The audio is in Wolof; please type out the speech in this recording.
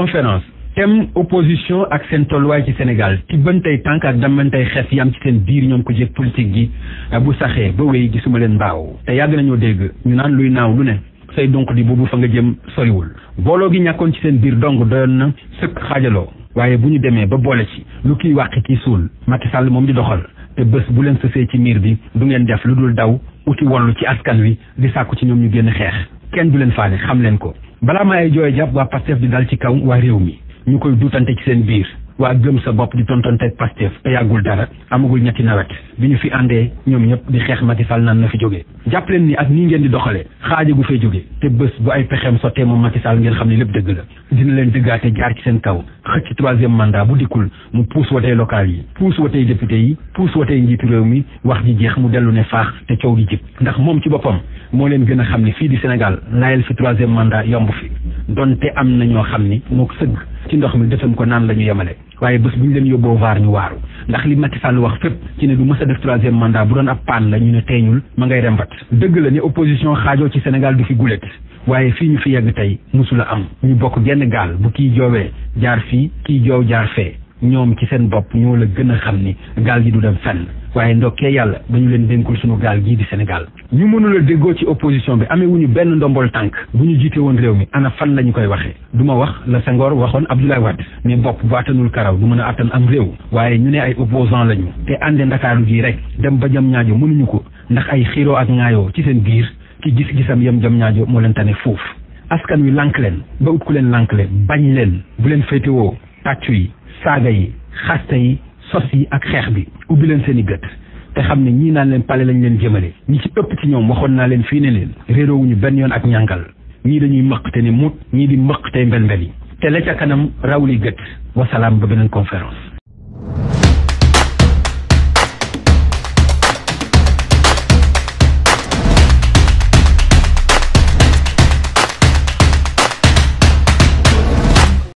conférence thème opposition ak seen tolluwaay ci Sénégal ci bantay tànk ak damantay xes yam ci seen biir ñoom ko jëkk politique gi bu saxee ba wéy gisuma leen mbaaw te yàgg nañoo dégg ñu naan luy naaw lu ne say donc di boobu fa nga jëm soriwul booloo gi ñàkkoon ci seen biir dong doyoon na sëkk xaajaloo waaye bu ñu demee ba boole ci lu kiy wàq kii suul Macky moom di doxal te bés bu leen sësee ci miir bi du ngeen def lu dul daw uti wollu ci askan wi di sàkku ci ñoom ñu génn xeex kenn du leen faale xam leen ko balaa ma ay jooy jàpp waa Pastef di dal ci kaw waa réew mi ñu koy duutante ci seen biir waa gëm sa bopp di tontonteeg Pastef te yàggul dara amagul ñetti nawet bi ñu fi àndee ñoom ñëpp di xeex Macky Sall naan na fi jógee jàpp leen ni ak nii ngeen di doxalee xaaja gu fee jóge te bés bu ay pexeem sottee moom Macky Sall ngeen xam ne lépp dëgg la dina leen dëggaate jaar ci seen kaw xëcc ci troisième bu dikkul mu puus watey local yi puus watey député yi puus watey njiitu réew mi wax ji jeex mu dellu ne faax te coow di jib ndax moom ci boppam moo leen gën a xam ni fii di Sénégal naayal fi troisième mandat yomb fi donte am na ñoo xam ni moo sëgg ci ndox mi defam ko naan la ñu yemale waaye bés bu ñu leen yóbboo waar ñu waaru ndax li Macky Sall wax fépp ci ne du mës def troisième mandat bu doon ab paan la ñu ne teeñul ma ngay rembat dëgg la ni opposition xaajoo ci Sénégal du fi gulet waaye fii ñu fi yegg tey musula am ñu bokk genn gaal bu kii joowee jaar fii kii joow jaar fee ñoom ci seen bopp ñoo la gën a xam ni gaal gi du dem fenn waaye ndokkee yàlla ba ñu leen dénkul sunu gaal gii di Sénégal ñu mënul a déggoo ci opposition bi amee wu ñu benn ndombol tànk bu ñu jiite woon réew mi ana fan la ñu koy waxee du ma wax la Senghor waxoon Abdoulaye Wade ne bopp bu attanul karaw du mën a attan am réew waaye ñu ne ay opposant lañu te ànde ndakaaru gii rek dem ba jam ñaajo mënuñu ko ndax ay xiiro ak ŋaayoo ci seen biir ki gis-gisam yam jam ñaajo moo leen tane foofu askan wi lànk leen ba ku leen lànk bañ leen bu leen féetewoo tàccu yi saaga yi xaste yi sos yi ak xeex bi ubbi leen seen i gët te xam ne ñii naan leen pale lañ leen jëmale ñi ci ëpp ci ñoom waxoon naa leen fii ne leen réeroowuñu benn yoon ak ñàngal ñii dañuy mëq te ni mut ñii di mëq tey mbel mbel yi te la ca kanam raw li gët wasalaam ba beneen conférence